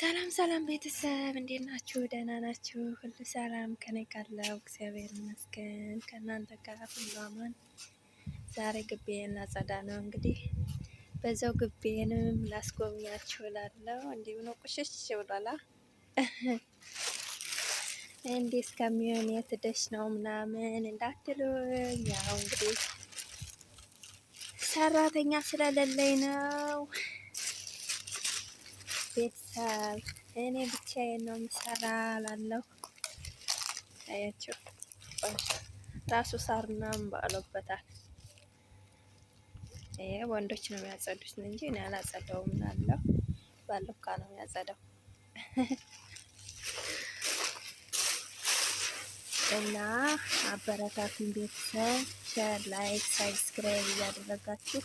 ሰላም ሰላም ቤተሰብ እንዴት ናችሁ? ደህና ናችሁ? ሁሉ ሰላም ከኔ ካለው እግዚአብሔር ይመስገን፣ ከእናንተ ጋር ሁሉ አማን። ዛሬ ግቤን አጸዳ ነው እንግዲህ በዛው ግቤንም ላስጎብኛችሁ ላለው እንዲሁ ነው ቁሽሽ ብሏላ እንዲህ እስከሚሆን የትደሽ ነው ምናምን እንዳትሉኝ። ያው እንግዲህ ሰራተኛ ስለሌለኝ ነው ቤተሰብ እኔ ብቻዬን ነው የምሰራ ላለው አያቸው ራሱ ሳርናም ምናምን በቅሎበታል። ወንዶች ነው የሚያጸዱት እንጂ እኔ አላጸዳውም ላለው ባለካ ነው የሚያጸዳው እና አበረታቱን ቤተሰብ ሸር፣ ላይክ፣ ሳብስክራይብ እያደረጋችሁ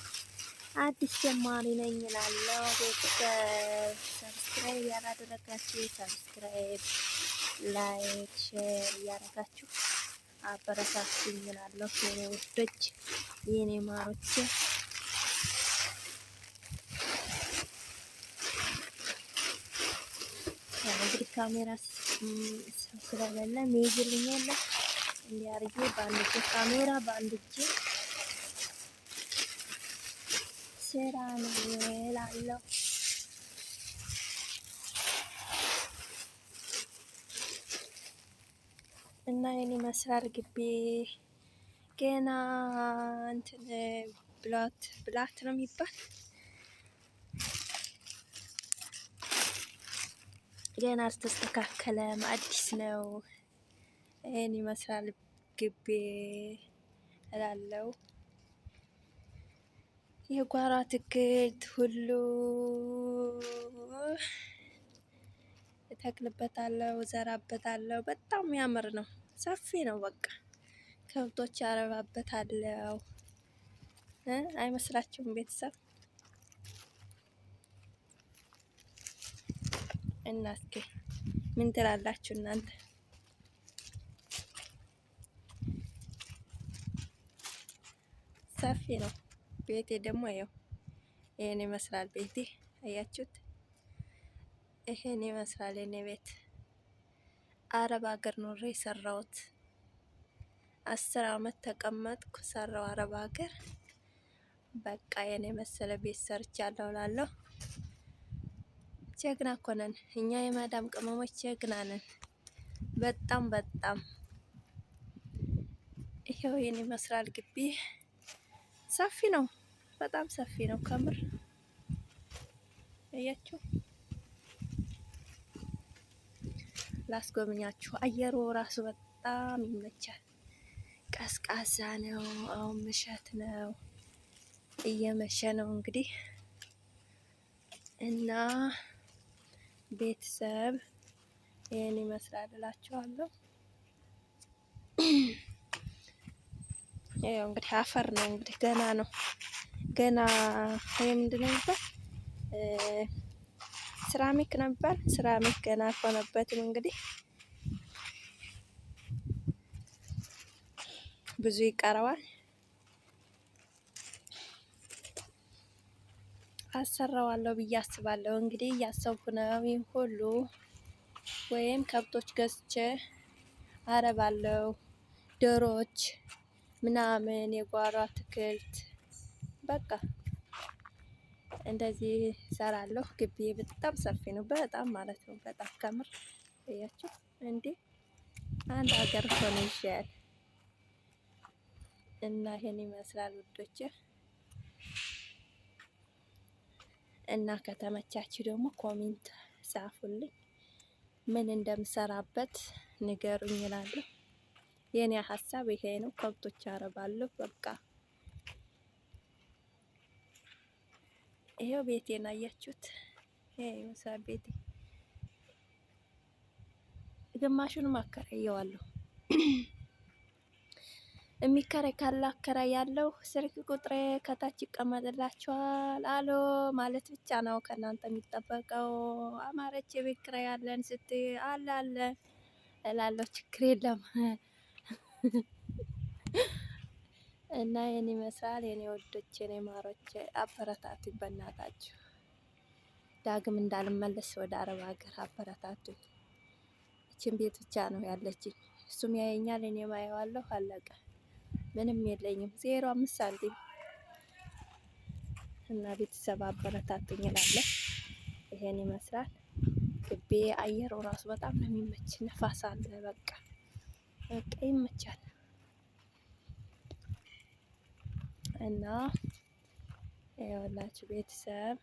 አዲስ ጀማሪ ነኝ እላለሁ። ቤተሰብ ሰብስክራይብ ያላደረጋችሁ ሰብስክራይብ፣ ላይክ፣ ሼር እያደረጋችሁ አበረታችሁኝ እላለሁ። የኔ ውዶች የኔ ማሮች እንግዲህ ካሜራ ስለሌለ ሜዝልኛለ እንዲያርጌ በአንድ እጄ ካሜራ በአንድ እጄ ስራ ነው እላለሁ። እና ይህን ይመስላል ግቢ ገና እንትን ብላት ብላት ነው የሚባል ገና አልተስተካከለም፣ አዲስ ነው። ይህን ይመስላል ግቢ እላለሁ። የጓሮ አትክልት ሁሉ እተክልበታለሁ፣ እዘራበታለሁ። በጣም የሚያምር ነው፣ ሰፊ ነው። በቃ ከብቶች ያረባበታለሁ። አይመስላችሁም ቤተሰብ? እና እስኪ ምን ትላላችሁ እናንተ? ሰፊ ነው። ቤቴ ደግሞ ያው ይሄን ይመስላል። ቤቴ አያችሁት፣ ይሄን ይመስላል የኔ ቤት። አረብ ሀገር ኖሬ የሰራሁት አስር አመት ተቀመጥኩ፣ ሰራው አረብ ሀገር። በቃ የኔ መሰለ ቤት ሰርቻለሁ እላለሁ። ጀግና እኮ ነን እኛ የማዳም ቅመሞች ጀግና ነን። በጣም በጣም ይሄው ይህን ይመስላል ግቢ ሰፊ ነው። በጣም ሰፊ ነው ከምር እያችሁ ላስጎብኛችሁ። አየሩ ራሱ በጣም ይመቻል። ቀዝቃዛ ነው። አሁን ምሸት ነው፣ እየመሸ ነው እንግዲህ እና ቤተሰብ ይህን ይመስላል እላችኋለሁ። ያው እንግዲህ አፈር ነው እንግዲህ ገና ነው። ገና ይሄ ምንድን ነው የሚባል ነው ነበር። ሴራሚክ ገና አልሆነበትም። እንግዲህ ብዙ ይቀረዋል። አሰራዋለሁ ብዬ አስባለሁ። እንግዲህ እያሰብኩ ነው። ይህ ሁሉ ወይም ከብቶች ገዝቼ አረባለሁ፣ ዶሮዎች ምናምን፣ የጓሮ አትክልት በቃ እንደዚህ ሰራለሁ። ግቢ በጣም ሰፊ ነው፣ በጣም ማለት ነው። በጣም ከምር ያቸው እንዴ አንድ ሀገር ሆነ ይሻል እና ይሄን ይመስላል ውዶች። እና ከተመቻችሁ ደግሞ ኮሜንት ጻፉልኝ፣ ምን እንደምሰራበት ንገሩኝ እላለሁ። የኔ ሀሳብ ይሄ ነው። ከብቶች አረባለሁ በቃ ይሄው ቤቴን አያችሁት። ይሄ ቤቴ ግማሹንም አከራየዋለሁ። የሚከራይ ካለ ያለው ስልክ ቁጥሬ ከታች ይቀመጥላችኋል። አሎ ማለት ብቻ ነው ከእናንተ የሚጠበቀው። አማረች የቤት ኪራይ አለን ስትይ አለ አለ እላለሁ። ችግር የለም። እና የኔ ይመስላል የኔ ወዶች፣ የኔ ማሮች፣ አበረታቱ በእናታችሁ። ዳግም እንዳልመለስ ወደ አረብ ሀገር አበረታቱ። እችን ቤት ብቻ ነው ያለችኝ። እሱም ያየኛል፣ እኔ ማየዋለሁ። አለቀ። ምንም የለኝም፣ ዜሮ አምስት ሳንቲም እና ቤተሰብ አበረታቱኝ እላለሁ። ይሄን ይመስላል ግቤ። አየሩ ራሱ በጣም ነው የሚመች፣ ነፋስ አለ። በቃ በቃ ይመቻል። እና የወላችሁ ቤተሰብ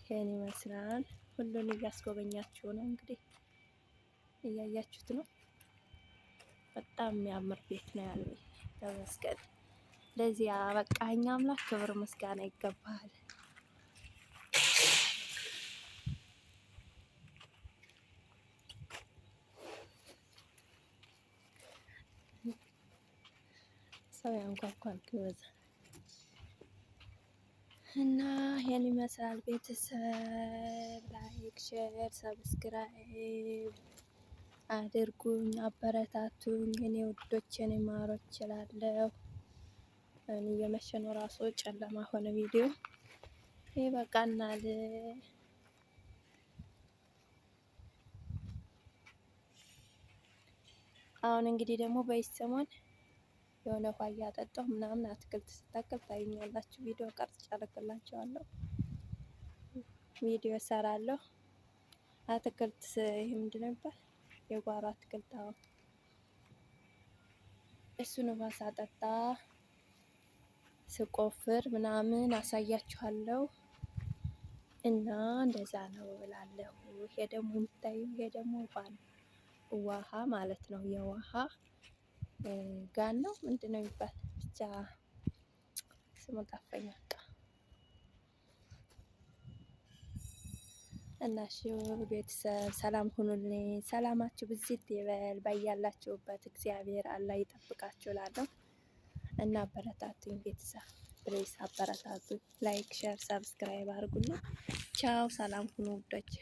ይሄን ይመስላል። ሁሉን እያስጎበኛችሁ ነው እንግዲህ እያያችሁት ነው። በጣም የሚያምር ቤት ነው ያለው። ተመስገን ለዚያ በቃ እኛ አምላክ ክብር ምስጋና ይገባል። ሰው ያንኳኳል ይበዛ እና ይህን ይመስላል። ቤተሰብ ላይክ፣ ሼር፣ ሰብስክራይብ አድርጉኝ፣ አበረታቱኝ። እኔ ውዶች እኔ ማሮች እችላለሁ። እየመሸ ነው ራሱ ጨለማ ሆነ ቪዲዮ ይበቃናል። አሁን እንግዲህ ደግሞ በይሰሞን የሆነ ውሃ እያጠጣሁ ምናምን አትክልት ስታክል ታይኛላችሁ ቪዲዮ ቀርጽ ጨርቅላችኋለሁ። ቪዲዮ ሰራለሁ። አትክልት ይህ ምንድን ነበር? የጓሮ አትክልት አሁን እሱን ውሃ ሳጠጣ ስቆፍር ምናምን አሳያችኋለሁ። እና እንደዛ ነው እላለሁ። ይሄ ደግሞ የሚታየው ይሄ ደግሞ ውሃ ነው። ውሃ ማለት ነው የውሃ ጋን ነው ምንድን ነው የሚባል ብቻ ስሙ ጠፋኝ። በቃ እና እሺ ቤተሰብ ሰላም ሁኑልኝ። ሰላማችሁ ብዚት ይበል ባያላችሁበት። እግዚአብሔር አላህ ይጠብቃችሁ እላለሁ እና አበረታቱኝ ቤተሰብ ፕሬስ አበረታቱኝ። ላይክ፣ ሼር፣ ሰብስክራይብ አድርጉና ቻው። ሰላም ሁኑ ውዶች።